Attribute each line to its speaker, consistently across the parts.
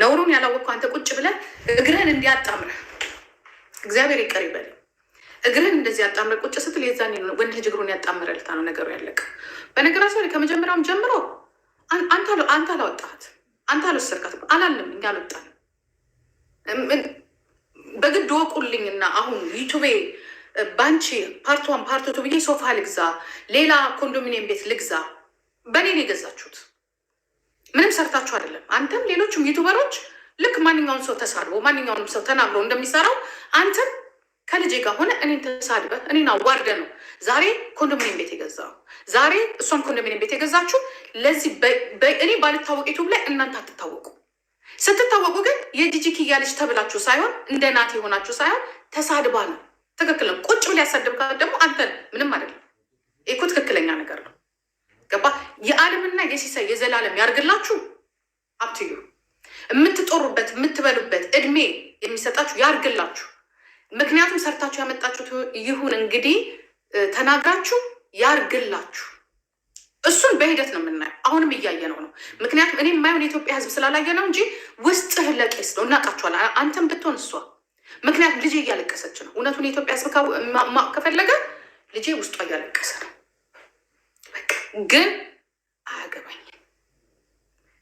Speaker 1: ነውሩን ያላወቅኩ አንተ ቁጭ ብለህ እግርህን እንዲያጣምረህ እግዚአብሔር ይቀር ይበል። እግርህን እንደዚህ ያጣምረ ቁጭ ስትል የዛኔ ወንድ ልጅ እግሩን ያጣምረ ልታ ነው ነገሩ ያለቀ። በነገራችን ላይ ከመጀመሪያውም ጀምሮ አንተ አላወጣት አንተ አልወሰድካት አላለም። እኛ አልወጣን በግድ ወቁልኝና አሁን ዩቱቤ ባንቺ ፓርቷን ፓርቶቱ ብዬ ሶፋ ልግዛ፣ ሌላ ኮንዶሚኒየም ቤት ልግዛ። በእኔ ነው የገዛችሁት። ምንም ሰርታችሁ አይደለም። አንተም ሌሎችም ዩቱበሮች ልክ ማንኛውም ሰው ተሳድቦ ማንኛውንም ሰው ተናግሮ እንደሚሰራው አንተም ከልጄ ጋር ሆነ እኔን ተሳድበ እኔን አዋርደ ነው ዛሬ ኮንዶሚኒየም ቤት የገዛ ዛሬ እሷም ኮንዶሚኒየም ቤት የገዛችሁ። ለዚህ እኔ ባልታወቅ ዩቱብ ላይ እናንተ አትታወቁ። ስትታወቁ ግን የጂጂክ እያለች ተብላችሁ ሳይሆን እንደ ናት የሆናችሁ ሳይሆን ተሳድባ ነው። ትክክል ነው። ቁጭ ብላ ያሳደብካት ደግሞ አንተ ምንም አይደለም። ይህ እኮ ትክክለኛ ነገር ነው። ገባ የዓለምና የሲሳይ የዘላለም ያርግላችሁ። አብትዩ የምትጦሩበት የምትበሉበት እድሜ የሚሰጣችሁ ያርግላችሁ። ምክንያቱም ሰርታችሁ ያመጣችሁት ይሁን እንግዲህ ተናግራችሁ ያርግላችሁ። እሱን በሂደት ነው የምናየው። አሁንም እያየነው ነው። ምክንያቱም እኔ የማይሆን የኢትዮጵያ ሕዝብ ስላላየ ነው እንጂ ውስጥህ ለቄስ ነው። እናውቃችኋለን። አንተም ብትሆን እሷ ምክንያቱም ልጄ እያለቀሰች ነው። እውነቱን የኢትዮጵያ ሕዝብ ከፈለገ ልጄ ውስጧ እያለቀሰ ነው። ግን አያገባኝም።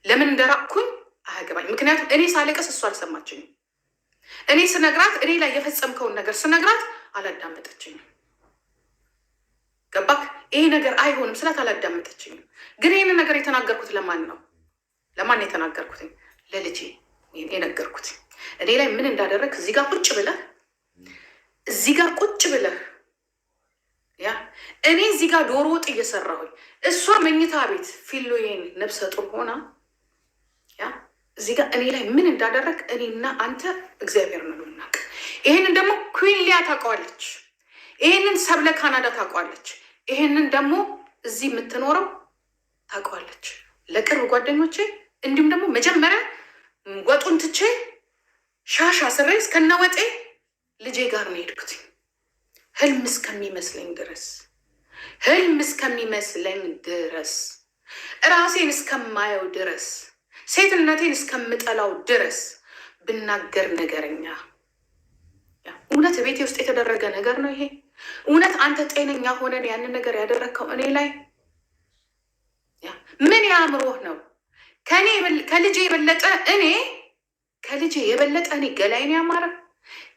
Speaker 1: ለምን እንደራቅኩኝ አያገባኝ። ምክንያቱም እኔ ሳለቀስ እሱ አልሰማችኝም። እኔ ስነግራት፣ እኔ ላይ የፈጸምከውን ነገር ስነግራት አላዳመጠችኝም። ገባክ? ይሄ ነገር አይሆንም ስላት አላዳመጠችኝም። ግን ይህን ነገር የተናገርኩት ለማን ነው? ለማን የተናገርኩትኝ? ለልጄ የነገርኩት እኔ ላይ ምን እንዳደረግ እዚህ ጋር ቁጭ ብለህ እዚህ ጋር ቁጭ ብለህ ያ እኔ እዚህ ጋር ዶሮ ወጥ እየሰራሁኝ እሷ መኝታ ቤት ፊሎዬን ነብሰ ጡር ሆና ያ እዚህ ጋር እኔ ላይ ምን እንዳደረግ እኔና አንተ እግዚአብሔር ነው የምናውቅ። ይሄንን ደግሞ ሊያ ታውቀዋለች። ይሄንን ሰብለ ካናዳ ታውቀዋለች። ይሄንን ደግሞ እዚህ የምትኖረው ታውቀዋለች። ለቅርብ ጓደኞቼ እንዲሁም ደግሞ መጀመሪያ ወጡን ትቼ ሻሻ ስሬ እስከነ ወጤ ልጄ ጋር ነው የሄድኩት። ህልም እስከሚመስለኝ ድረስ ህልም እስከሚመስለኝ ድረስ ራሴን እስከማየው ድረስ ሴትነቴን እስከምጠላው ድረስ ብናገር ነገረኛ። እውነት ቤቴ ውስጥ የተደረገ ነገር ነው ይሄ? እውነት አንተ ጤነኛ ሆነን ያንን ነገር ያደረግከው እኔ ላይ ምን ያምሮህ ነው? ከልጄ የበለጠ እኔ ከልጄ የበለጠ እኔ ገላይን ያማረ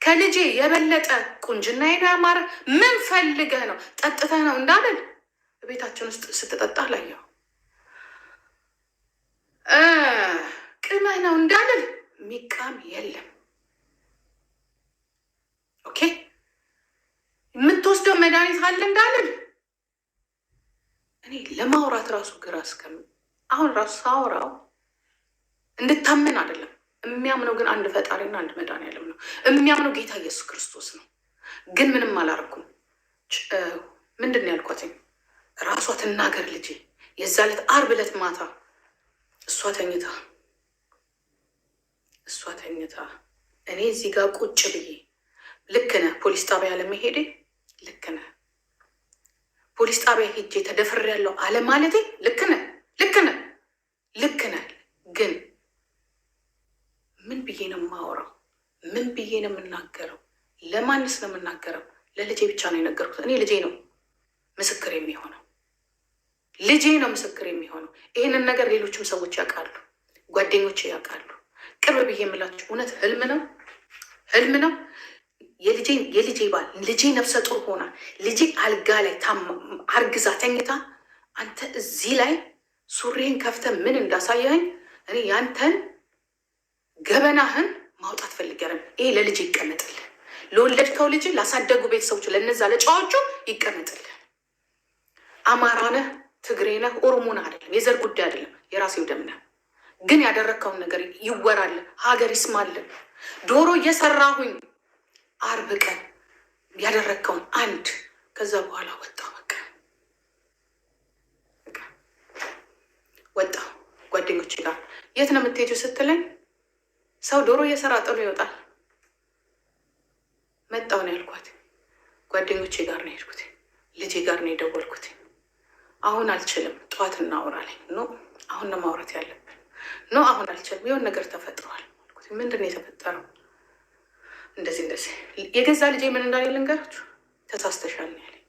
Speaker 1: ከልጄ የበለጠ ቁንጅና ያማረ ምን ፈልገህ ነው ጠጥተህ ነው እንዳለን ቤታችን ውስጥ ስትጠጣ ላየው ቅመህ ነው እንዳለን ሚቃም የለም። ኦኬ የምትወስደው መድኃኒት አለ እንዳለን እኔ ለማውራት ራሱ ግራ እስከም አሁን ራሱ ሳውራው እንድታመን አደለም የሚያምነው ግን አንድ ፈጣሪና አንድ መድኃኒዓለም ነው። የሚያምነው ጌታ ኢየሱስ ክርስቶስ ነው። ግን ምንም አላርኩም። ምንድን ነው ያልኳትኝ? ራሷ ትናገር ልጄ። የዛ ዕለት አርብ ዕለት ማታ እሷ ተኝታ እሷ ተኝታ እኔ እዚህ ጋር ቁጭ ብዬ ልክ ነህ ፖሊስ ጣቢያ አለመሄዴ ልክ ነህ ፖሊስ ጣቢያ ሄጄ ተደፍሬያለሁ አለማለቴ ልክ ነህ ልክ ነህ ልክ ነህ ግን ብዬ ነው የማወራው? ምን ብዬ ነው የምናገረው? ለማንስ ነው የምናገረው? ለልጄ ብቻ ነው የነገርኩት። እኔ ልጄ ነው ምስክር የሚሆነው፣ ልጄ ነው ምስክር የሚሆነው። ይህንን ነገር ሌሎችም ሰዎች ያውቃሉ፣ ጓደኞች ያውቃሉ። ቅርብ ብዬ የምላቸው እውነት ህልም ነው ህልም ነው። የልጄ ባል ልጄ ነፍሰ ጡር ሆና ልጄ አልጋ ላይ አርግዛ ተኝታ አንተ እዚህ ላይ ሱሪህን ከፍተ ምን እንዳሳየኝ? እኔ ያንተን ገበናህን ማውጣት ፈልገርም። ይሄ ለልጅ ይቀመጥል ለወለድከው ልጅ ላሳደጉ ቤተሰቦች ለነዛ ለጨዋቹ ይቀመጥልህ። አማራ ነህ፣ ትግሬ ነህ፣ ኦሮሞ ነህ አይደለም፣ የዘር ጉዳይ አይደለም፣ የራሴው ደም ነህ። ግን ያደረግከውን ነገር ይወራል፣ ሀገር ይስማል። ዶሮ እየሰራሁኝ አርብ ቀን ያደረግከውን አንድ ከዛ በኋላ ወጣ በቃ ወጣ ጓደኞች ጋር የት ነው የምትሄጂው ስትለኝ ሰው ዶሮ እየሰራ ጥሎ ይወጣል። መጣሁ ነው ያልኳት። ጓደኞቼ ጋር ነው የሄድኩት። ልጄ ጋር ነው የደወልኩት። አሁን አልችልም፣ ጠዋት እናወራለን። ኖ አሁን ነው ማውራት ያለብን። ኖ አሁን አልችልም፣ የሆነ ነገር ተፈጥሯል። ምንድን ነው የተፈጠረው? እንደዚህ እንደዚህ። የገዛ ልጄ ምን እንዳለ ልንገራችሁ። ተሳስተሻል ነው ያለኝ።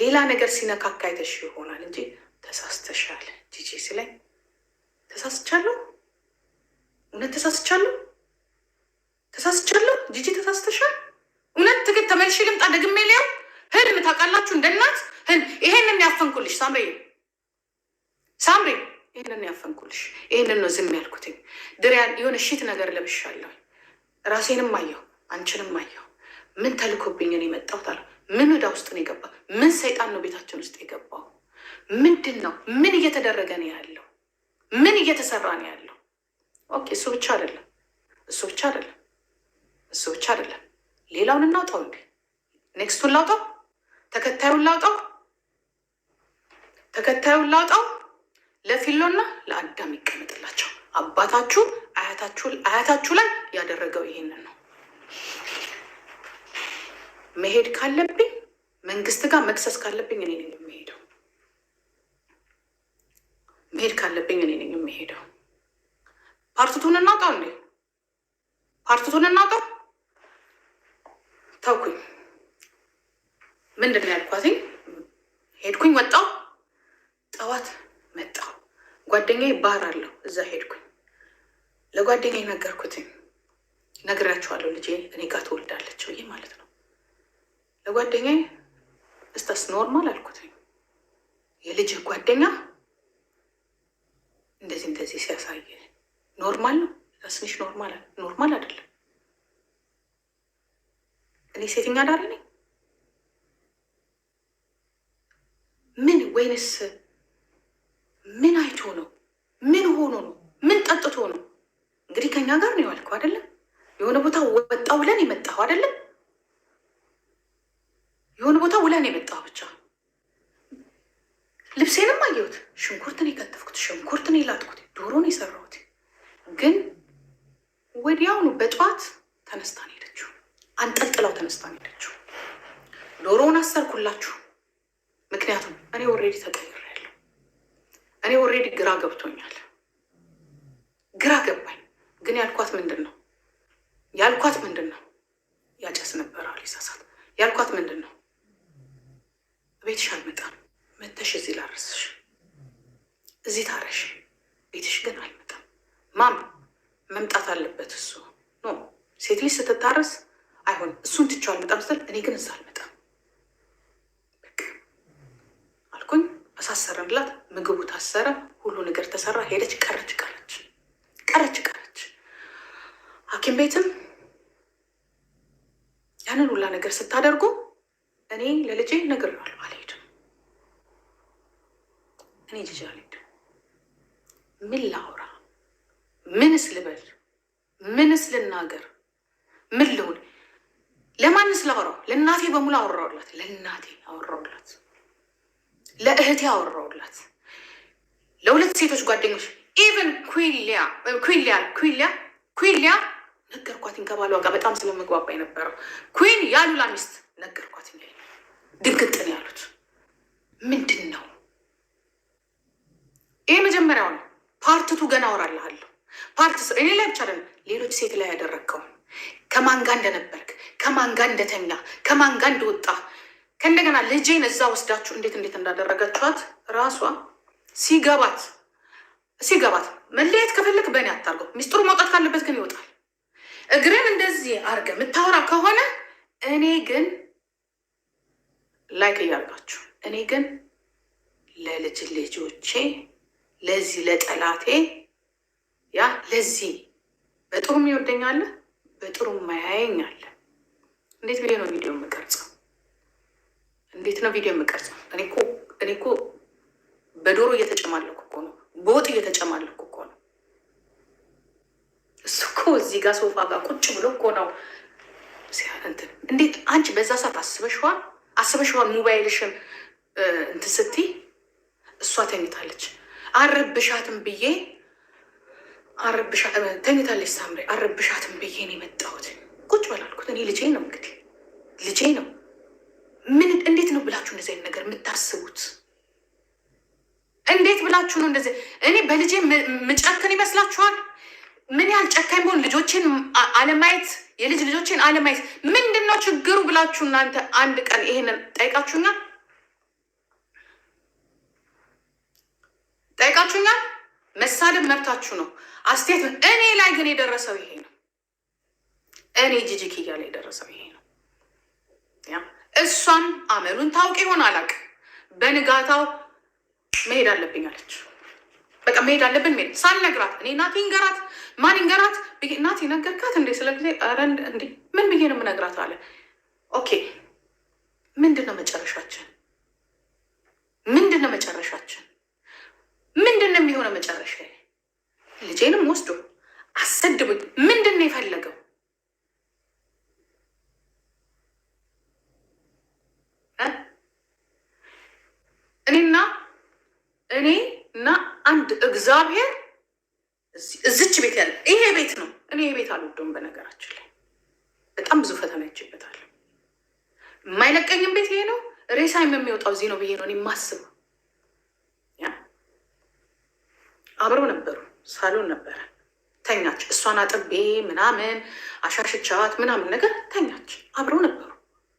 Speaker 1: ሌላ ነገር ሲነካካ አይተሽ ይሆናል እንጂ ተሳስተሻል ጂጂ ሲለኝ ተሳስቻለሁ እውነት ተሳስቻለሁ? ተሳስቻለሁ? ጂጂ ተሳስተሻል? እውነት ትግል ተመልሼ ልምጣ ደግሜ ሊያው ህልም ታውቃላችሁ፣ እንደናት ህልም። ይሄንን ያፈንኩልሽ ሳምሬ፣ ሳምሬ፣ ይሄንን ያፈንኩልሽ። ይሄንን ነው ዝም ያልኩትኝ። ድሪያን የሆነ ሽት ነገር ለብሻለሁ። ራሴንም አየሁ፣ አንቺንም አየሁ። ምን ተልኮብኝ ነው የመጣሁት አለ። ምን ወዳ ውስጥ ነው የገባ? ምን ሰይጣን ነው ቤታችን ውስጥ የገባው? ምንድን ነው? ምን እየተደረገ ነው ያለው? ምን እየተሰራ ነው ያለው? ኦኬ እሱ ብቻ አይደለም፣ እሱ ብቻ አይደለም፣ እሱ ብቻ አይደለም። ሌላውን እናውጣው እንዴ? ኔክስቱን ላውጣው፣ ተከታዩን ላውጣው፣ ተከታዩን ላውጣው። ለፊሎና ለአዳም ይቀመጥላቸው። አባታችሁ አያታችሁ ላይ ያደረገው ይሄንን ነው። መሄድ ካለብኝ መንግስት ጋር መክሰስ ካለብኝ እኔ ነኝ የሚሄደው መሄድ ካለብኝ እኔ ነኝ የሚሄደው። አርትቶን እናውጣ እንዴ? አርትቶን እናውጣ። ተውኩኝ። ምንድን ነው ያልኳትኝ? ሄድኩኝ፣ ወጣው ጠዋት መጣው ጓደኛ ባህር አለው፣ እዛ ሄድኩኝ። ለጓደኛዬ ነገርኩትኝ። ነግራችኋለሁ፣ ልጄ እኔ ጋር ትወልዳለች ብዬ ማለት ነው። ለጓደኛ እስታስ ኖርማል አልኩትኝ። የልጅህ ጓደኛ እንደዚህ እንደዚህ ሲያሳየ ኖርማል ነው። ስንሽ ኖርማል ኖርማል አይደለም። እኔ ሴተኛ አዳሪ ነኝ? ምን ወይንስ ምን አይቶ ነው? ምን ሆኖ ነው? ምን ጠጥቶ ነው? እንግዲህ ከኛ ጋር ነው የዋልከው አይደለም? የሆነ ቦታ ወጣ ውለን የመጣው አይደለም? የሆነ ቦታ ውለን የመጣው ብቻ። ልብሴንም አየሁት። ሽንኩርትን የከተፍኩት፣ ሽንኩርትን የላጥኩት፣ ዶሮን የሰራሁት ግን ወዲያውኑ በጠዋት ተነስታን ሄደችው። አንጠልጥላው ተነስታን ሄደችው። ዶሮውን አሰርኩላችሁ። ምክንያቱም እኔ ኦልሬዲ ተቀይሬያለሁ። እኔ ኦልሬዲ ግራ ገብቶኛል። ግራ ገባኝ። ግን ያልኳት ምንድን ነው ያልኳት ምንድን ነው ያጨስ ነበር አሊሳሳት ያልኳት ምንድን ነው ቤትሽ አልመጣም መተሽ እዚህ ላረስሽ እዚህ ታረሽ ቤትሽ ግን አል ማም መምጣት አለበት እሱ ኖ ሴት ልጅ ስትታረስ አይሆን እሱን ትቼው አልመጣም ስትል እኔ ግን እዛ አልመጣም አልኩኝ። አሳሰረንላት። ምግቡ ታሰረ፣ ሁሉ ነገር ተሰራ። ሄደች፣ ቀረች ቀረች ቀረች ቀረች። ሐኪም ቤትም ያንን ሁላ ነገር ስታደርጉ እኔ ለልጄ ነግሬዋለሁ፣ አልሄድም እኔ ጅጅ አልሄድም ምን ምንስ ልበል? ምንስ ልናገር? ምን ልሁን? ለማንስ ላወራው? ለእናቴ በሙሉ አወራውላት። ለእናቴ አወራውላት፣ ለእህቴ አወራውላት፣ ለሁለት ሴቶች ጓደኞች ኢቨን ኩሊያ ኩሊያ ኩሊያ ኩሊያ ነገርኳትኝ። ከባሏ በጣም ስለመግባባ የነበረው ኩን ያሉላ ሚስት ነገርኳትኝ። ድንግጥን ያሉት ምንድን ነው ይሄ? መጀመሪያው ነው። ፓርትቱ ገና አወራልሃለሁ። ፓርት እኔ ላይ ብቻ ሌሎች ሴት ላይ ያደረግከው ከማን ጋር እንደነበርክ፣ ከማን ጋር እንደተኛ፣ ከማን ጋር እንደወጣ ከእንደገና ልጄን እዛ ወስዳችሁ እንዴት እንዴት እንዳደረገችኋት ራሷ ሲገባት ሲገባት መለየት ከፈለግ በእኔ አታርገው። ሚስጥሩ መውጣት ካለበት ግን ይወጣል። እግርን እንደዚህ አርገ የምታወራ ከሆነ እኔ ግን ላይክ እያርጋችሁ እኔ ግን ለልጅ ልጆቼ ለዚህ ለጠላቴ ያ ለዚህ በጥሩ ይወደኛል፣ በጥሩ ማያየኛል። እንዴት ብዬ ነው ቪዲዮ የምቀርጸው? እንዴት ነው ቪዲዮ የምቀርጸው? እኔ እኮ በዶሮ እየተጨማለኩ እኮ ነው፣ በወጥ እየተጨማለኩ እኮ ነው። እሱ እኮ እዚህ ጋር ሶፋ ጋር ቁጭ ብሎ እኮ ነው እንትን። እንዴት አንቺ በዛ ሰዓት አስበሽዋል? አስበሽዋል? ሞባይልሽን እንትን ስትይ እሷ ተኝታለች አረብሻትም ብዬ አረብሻት ተኝታለች። ሳምሪ አረብሻትም ብዬ ነው የመጣሁት። ቁጭ በላልኩት እኔ ልጄ ነው እንግዲህ ልጄ ነው። ምን እንዴት ነው ብላችሁ እንደዚህ አይነት ነገር የምታስቡት? እንዴት ብላችሁ ነው እንደዚህ? እኔ በልጄ ምጨክን ይመስላችኋል? ምን ያህል ጨካኝ ቢሆን ልጆችን አለማየት የልጅ ልጆችን አለማየት ምንድን ነው ችግሩ ብላችሁ እናንተ አንድ ቀን ይሄንን ጠይቃችሁኛል? ጠይቃችሁኛል? መሳደብ መብታችሁ ነው። አስተያየት እኔ ላይ ግን የደረሰው ይሄ ነው። እኔ ጅጅክ እያለ የደረሰው ይሄ ነው። እሷም አመሉን ታውቅ ይሆን አላቅ፣ በንጋታው መሄድ አለብኝ አለች። በቃ መሄድ አለብን ሄድ ሳልነግራት እኔ ናቲ ይንገራት ማን ይንገራት ናቲ ነገርካት እንዴ ስለ ጊዜ ምን ብዬ ነው የምነግራት አለ። ኦኬ ምንድን ነው መጨረሻችን? እግዚአብሔር እዚች ቤት ያለ ይሄ ቤት ነው። እኔ ይሄ ቤት አልወደውም። በነገራችን ላይ በጣም ብዙ ፈተና ይችበታል። የማይለቀኝም ቤት ይሄ ነው። ሬሳይም የሚወጣው እዚህ ነው ብዬ ነው እኔ የማስበው። አብረው ነበሩ፣ ሳሎን ነበረ። ተኛች። እሷን አጥቤ ምናምን አሻሽቻት ምናምን ነገር ተኛች። አብረው ነበሩ።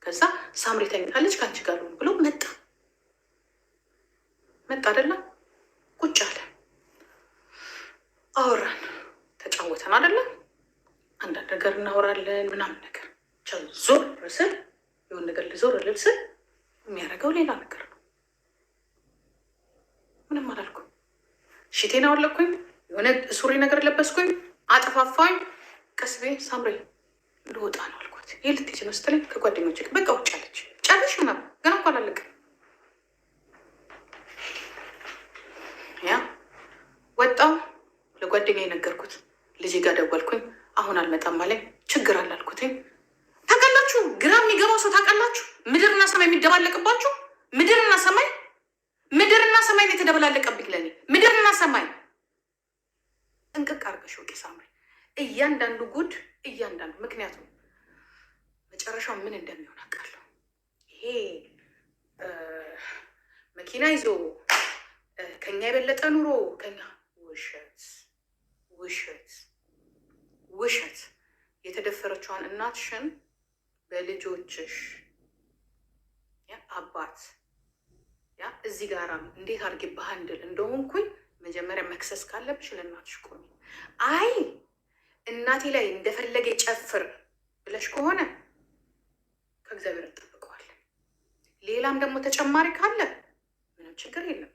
Speaker 1: ከዛ ሳምሪ ተኝታለች ከአንቺ ጋር ብሎ መጣ መጣ አይደለም ቁጭ አለ። አወራን፣ ተጫወተን አይደለም አንዳንድ ነገር እናወራለን ምናምን ነገር ቻ ዞር ስል የሆን ነገር ልዞር ልል ስል የሚያደርገው ሌላ ነገር ነው። ምንም አላልኩ። ሽቴን አወለኩኝ፣ የሆነ ሱሪ ነገር ለበስኩኝ፣ አጠፋፋኝ። ቀስቤ ሳምሬ ልወጣ ነው አልኳት። ይህ ልትሄጂ ነው ስትለኝ ከጓደኞች በቃ ውጭ አለች። ጨርሽ ምናምን ገና እኮ አላለቅም ጓደኛ የነገርኩት ልጅ ጋር ደወልኩኝ። አሁን አልመጣም አለኝ። ችግር አላልኩትኝ። ታውቃላችሁ፣ ግራ የሚገባው ሰው ታውቃላችሁ፣ ምድርና ሰማይ የሚደባለቅባችሁ ምድርና ሰማይ ምድርና ሰማይ ነው የተደበላለቀብኝ ለኔ ምድርና ሰማይ። ጥንቅቅ አርገሽ ወቂ ሳምሪ፣ እያንዳንዱ ጉድ እያንዳንዱ ምክንያቱም መጨረሻው ምን እንደሚሆን አውቃለሁ። ይሄ መኪና ይዞ ከኛ የበለጠ ኑሮ ከኛ ውሸት ውሸት ውሸት የተደፈረችዋን እናትሽን በልጆችሽ አባት ያ እዚህ ጋር እንዴት አድርጌ ባህንድል እንደሆንኩኝ መጀመሪያ መክሰስ ካለብሽ ለእናትሽ ቆሚ። አይ እናቴ ላይ እንደፈለገ ጨፍር ብለሽ ከሆነ ከእግዚአብሔር እንጠብቀዋለን። ሌላም ደግሞ ተጨማሪ ካለ ምንም ችግር የለም፣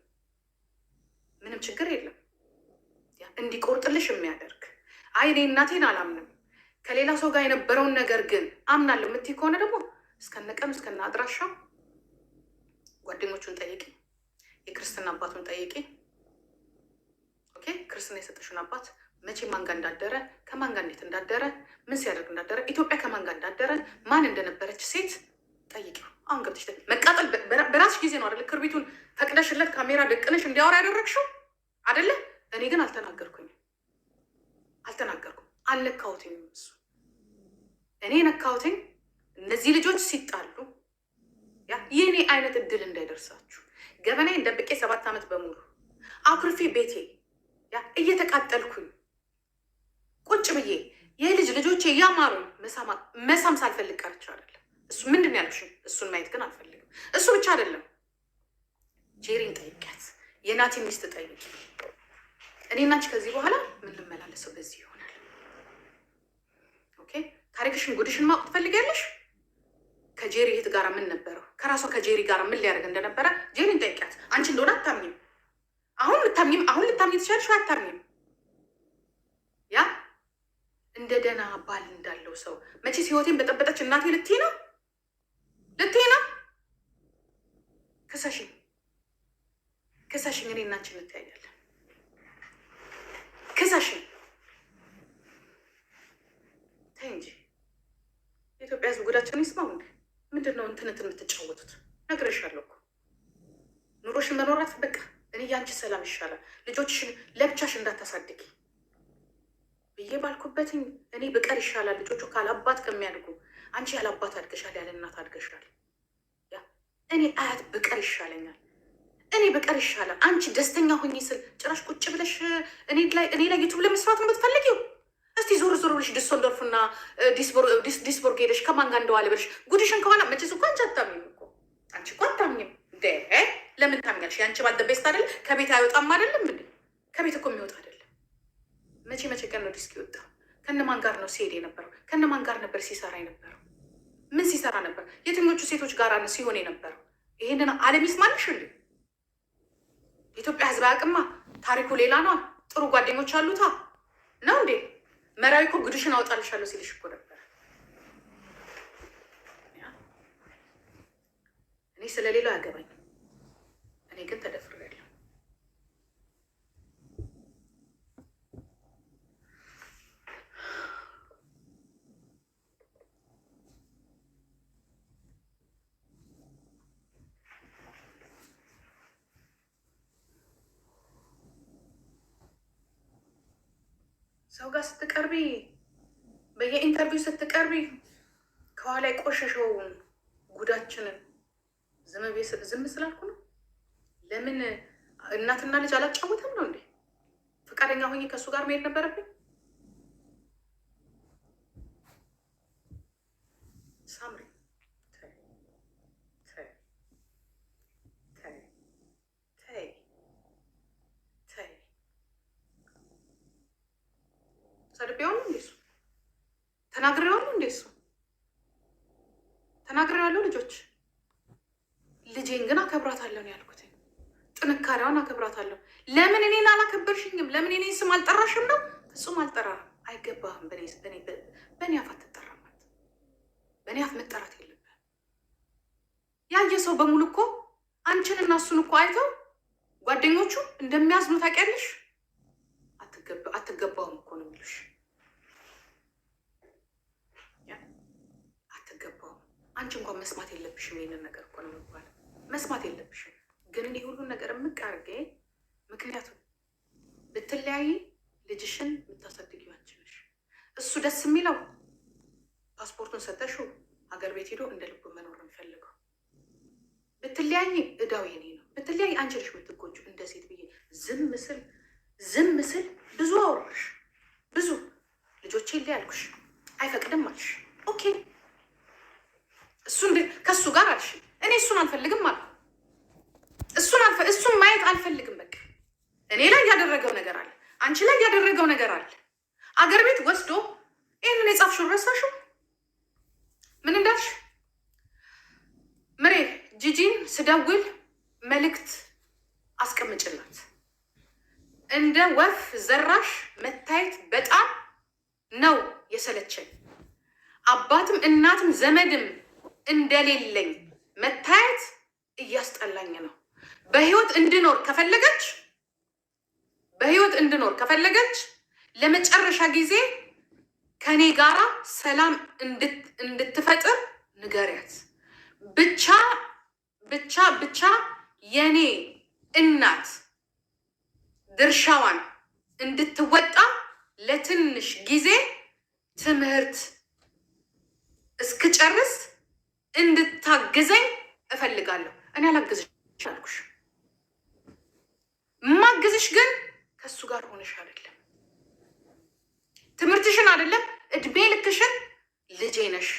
Speaker 1: ምንም ችግር የለም። እንዲቆርጥልሽ የሚያደርግ አይ እኔ እናቴን አላምንም ከሌላ ሰው ጋር የነበረውን ነገር ግን አምናለሁ የምትይ ከሆነ ደግሞ እስከነቀም እስከነ አድራሻው ጓደኞቹን ጠይቂ፣ የክርስትና አባቱን ጠይቂ። ኦኬ ክርስትና የሰጠሽውን አባት መቼ ማን ጋር እንዳደረ ከማን ጋር እንዴት እንዳደረ ምን ሲያደርግ እንዳደረ ኢትዮጵያ ከማን ጋር እንዳደረ ማን እንደነበረች ሴት ጠይቂ። አሁን ገብተሽ መቃጠል በራስሽ ጊዜ ነው አደለ? ክርቢቱን ፈቅደሽለት ካሜራ ደቅነሽ እንዲያወራ ያደረግሽው አደለ? እኔ ግን አልተናገርኩኝም አልተናገርኩም አልነካሁትኝም። እሱ እኔ የነካሁትኝ እነዚህ ልጆች ሲጣሉ የእኔ አይነት እድል እንዳይደርሳችሁ ገበናዬን ደብቄ ሰባት ዓመት በሙሉ አኩርፌ ቤቴ እየተቃጠልኩኝ ቁጭ ብዬ የልጅ ልጆቼ እያማሩ መሳም ሳልፈልግ ቀርቼ አይደለም። እሱ ምንድን ነው ያልኩሽ? እሱን ማየት ግን አልፈልግም። እሱ ብቻ አይደለም። ጄሪን ጠይቂያት፣ የናቲ ሚስት ጠይቂ። እኔና አንቺ ከዚህ በኋላ ምንመላለሰው በዚህ ይሆናል። ኦኬ ታሪክሽን ጉድሽን ማወቅ ትፈልጊያለሽ? ከጄሪ እህት ጋር ምን ነበረው? ከራሷ ከጄሪ ጋር ምን ሊያደርግ እንደነበረ ጄሪን ጠይቂያት። አንቺ እንደሆነ አታምኝም። አሁን ልታምኝም አሁን ልታምኝ ትችላለሽ፣ አታምኝም። ያ እንደ ደህና ባል እንዳለው ሰው መቼ ህይወቴን በጠበጠች እናቴ ልትይ ነው ልትይ ነው። ክሰሽኝ ክሰሽኝ፣ እኔ እናንቺ እንተያያለን። ክሰሽን ተይ እንጂ የኢትዮጵያ ሕዝብ ጉዳችን ይስማው እንዴ? ምንድን ነው እንትንትን የምትጫወቱት? ነግሬሻለሁ እኮ ኑሮሽን መኖራት በቃ እኔ ያንቺ ሰላም ይሻላል። ልጆችሽን ለብቻሽ እንዳታሳድጊ ብዬ ባልኩበትኝ እኔ ብቀር ይሻላል። ልጆቹ ካላባት ከሚያድጉ አንቺ ያላባት አድገሻል፣ ያለ እናት አድገሻል። እኔ አያት ብቀር ይሻለኛል። እኔ በቀር ይሻላል። አንቺ ደስተኛ ሆኝ ስል ጭራሽ ቁጭ ብለሽ እኔ ላይ ዩቱብ ለመስራት ነው የምትፈልጊው? እስቲ ዞር ዞር ብለሽ ዲሶልዶርፍና ዲስቦርግ ሄደሽ ከማን ጋር እንደዋለ ብለሽ ጉድሽን ከኋላ መቼስ እኮ አንቺ አታምኝም እኮ አንቺ እኮ አታምኝም። ደ ለምን ታምኛለሽ? የአንቺ ባል ቤስት ከቤት አይወጣም አይደለም እንዴ? ከቤት እኮ የሚወጣ አይደለም። መቼ መቼ ቀን ነው ዲስክ ይወጣ? ከነማን ጋር ነው ሲሄድ የነበረው? ከነማን ጋር ነበር ሲሰራ የነበረው? ምን ሲሰራ ነበር? የትኞቹ ሴቶች ጋር ሲሆን የነበረው? ይሄንን አለሚስ ማንሽ እንዴ የኢትዮጵያ ህዝብ አያውቅማ። ታሪኩ ሌላ ነው። ጥሩ ጓደኞች አሉታ ነው እንዴ? መራዊ እኮ ጉድሽን አውጣልሻለሁ ሲልሽ እኮ ነበር። እኔ ስለሌላው አያገባኝም። እኔ ግን ተደፍረ ሰው ጋር ስትቀርቢ፣ በየኢንተርቪው ስትቀርቢ ከኋላ የቆሸሸው ጉዳችንን ዝም ስላልኩ ነው። ለምን እናትና ልጅ አላጫወተም ነው እንዴ? ፈቃደኛ ሆኜ ከእሱ ጋር መሄድ ነበረብኝ። ሰድቤዋለሁ እንዴ? እሱ ተናግሬዋለሁ እንዴ? እሱ ተናግሬዋለሁ። ልጆች ልጄን ግን አከብራታለሁ ነው ያልኩት። ጥንካሬዋን አከብራታለሁ። ለምን እኔን አላከበርሽኝም? ለምን እኔን ስም አልጠራሽም ነው? ፍጹም አልጠራ አይገባህም። በእኔ አፍ አትጠራም። በእኔ አፍ መጠራት የለብህም። ያየ ሰው በሙሉ እኮ አንቺን እና እሱን እኮ አይተው ጓደኞቹ እንደሚያዝኑ ታውቂያለሽ። አትገባውም እኮ ነው የሚሉሽ። አትገባውም አንቺ እንኳን መስማት የለብሽም ይሄንን ነገር እኮ ነው የሚባለው። መስማት የለብሽም ግን እኔ ሁሉን ነገር የምቃርጌ ምክንያቱም ብትለያይ ልጅሽን የምታሳድጊው አንቺ ነሽ። እሱ ደስ የሚለው ፓስፖርቱን ሰጠሽው ሀገር ቤት ሄዶ እንደ ልቡ መኖር ነው የሚፈልገው። ብትለያይ እዳው የኔ ነው። ብትለያይ አንቺ ነሽ የምትጎጂው እንደ ሴት ብዬ ዝም ምስል ዝም ስል ብዙ አወራሽ፣ ብዙ ልጆቼ ሊ ያልኩሽ አይፈቅድም አልሽ። ኦኬ እሱ ከእሱ ጋር አልሽ። እኔ እሱን አልፈልግም አልኩ። እሱን እሱን ማየት አልፈልግም። በቃ እኔ ላይ ያደረገው ነገር አለ፣ አንቺ ላይ ያደረገው ነገር አለ። አገር ቤት ወስዶ ይህንን የጻፍሽውን ረሳሽው። ምን እንዳልሽ ምሬ ጂጂን ስደውል መልእክት አስቀምጭላት እንደ ወፍ ዘራሽ መታየት በጣም ነው የሰለቸኝ። አባትም እናትም ዘመድም እንደሌለኝ መታየት እያስጠላኝ ነው። በህይወት እንድኖር ከፈለገች በህይወት እንድኖር ከፈለገች ለመጨረሻ ጊዜ ከኔ ጋራ ሰላም እንድትፈጥር ንገሪያት። ብቻ ብቻ ብቻ የኔ እናት ድርሻዋን እንድትወጣ ለትንሽ ጊዜ ትምህርት እስክጨርስ እንድታግዘኝ እፈልጋለሁ። እኔ አላግዝሽ አልኩሽ። ማግዝሽ ግን ከእሱ ጋር ሆነሽ አይደለም፣ ትምህርትሽን አይደለም፣ እድሜ ልክሽን ልጄ ነሽ።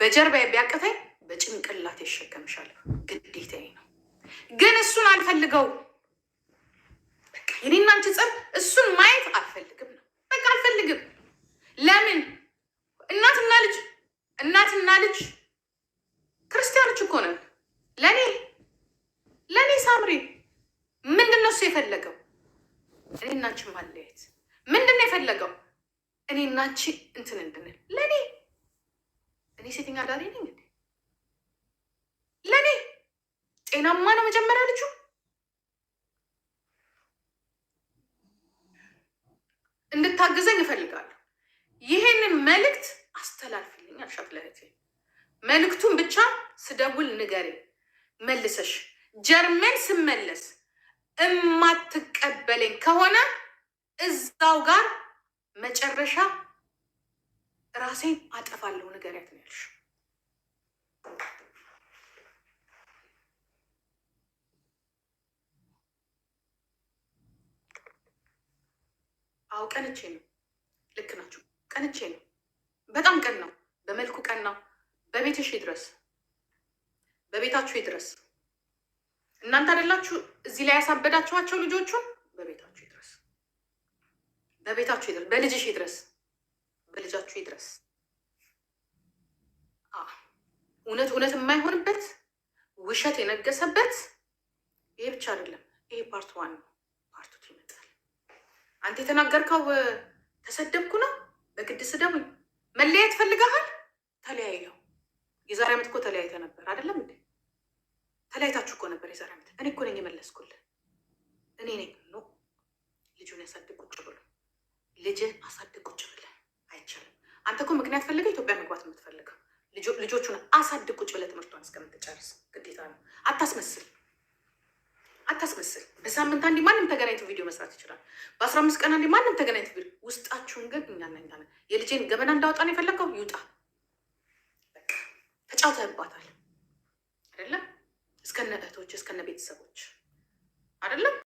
Speaker 1: በጀርባዬ ቢያቅተኝ በጭንቅላት ይሸከምሻለሁ፣ ግዴታዬ ነው። ግን እሱን አልፈልገው የኔ እናንቺ ጸብ እሱን ማየት አልፈልግም ነው በቃ አልፈልግም። ለምን እናትና ልጅ እናትና ልጅ ክርስቲያኖች እኮ ነን። ለእኔ ለእኔ ሳምሪ ምንድን ነው እሱ የፈለገው? እኔ እናንቺ ማለያየት ምንድን ነው የፈለገው? እኔ እናንቺ እንትን እንድንል ለእኔ እኔ ሴተኛ አዳሪ ነኝ እንዴ? ለእኔ ጤናማ ነው መጀመሪያ ልጁ እንድታግዘኝ እፈልጋለሁ። ይሄንን መልእክት አስተላልፍልኝ አልሻት ለእህቴ። መልእክቱን ብቻ ስደውል ንገሬ መልሰሽ ጀርመን ስመለስ እማትቀበለኝ ከሆነ እዛው ጋር መጨረሻ ራሴን አጠፋለሁ። ንገሪያት ነው ያልሽው። አዎ ቀንቼ ነው። ልክ ናችሁ። ቀንቼ ነው። በጣም ቀን ነው። በመልኩ ቀን ነው። በቤትሽ ድረስ በቤታችሁ ይድረስ። እናንተ አደላችሁ እዚህ ላይ ያሳበዳችኋቸው ልጆቹን። በቤታችሁ ይድረስ፣ በቤታችሁ ይድረስ፣ በልጅሽ ይድረስ፣ በልጃችሁ ይድረስ። እውነት እውነት የማይሆንበት ውሸት የነገሰበት ይሄ ብቻ አይደለም። ይሄ ፓርት ዋን ፓርት ቱ አንተ የተናገርከው ተሰደብኩ ነው። በግድ ስደቡኝ። መለያየት ፈልገሃል። ተለያየው። የዛሬ ዓመት እኮ ተለያይተ ነበር አይደለም እንዴ? ተለያይታችሁ እኮ ነበር የዛሬ ዓመት። እኔ እኮ ነኝ የመለስኩልህ። እኔ ነኝ ኖ ልጁን ያሳድግ ቁጭ ብሎ ልጅ አሳድግ ቁጭ ብለህ አይቻልም። አንተ እኮ ምክንያት ፈልገህ ኢትዮጵያ መግባት የምትፈልገው ልጆቹን አሳድግ ቁጭ ብለህ ትምህርቷን እስከምትጨርስ ግዴታ ነው። አታስመስል። አታስመስል። በሳምንት አንዴ ማንም ተገናኝቶ ቪዲዮ መስራት ይችላል። በአስራ አምስት ቀን አንዴ ማንም ተገናኝቶ ቪዲዮ ውስጣችሁን ግን እኛነኛለ የልጄን ገበና እንዳወጣን የፈለገው ይውጣ። በቃ ተጫውተህባታል አይደለም? እስከነ እህቶች እስከነ ቤተሰቦች አይደለም?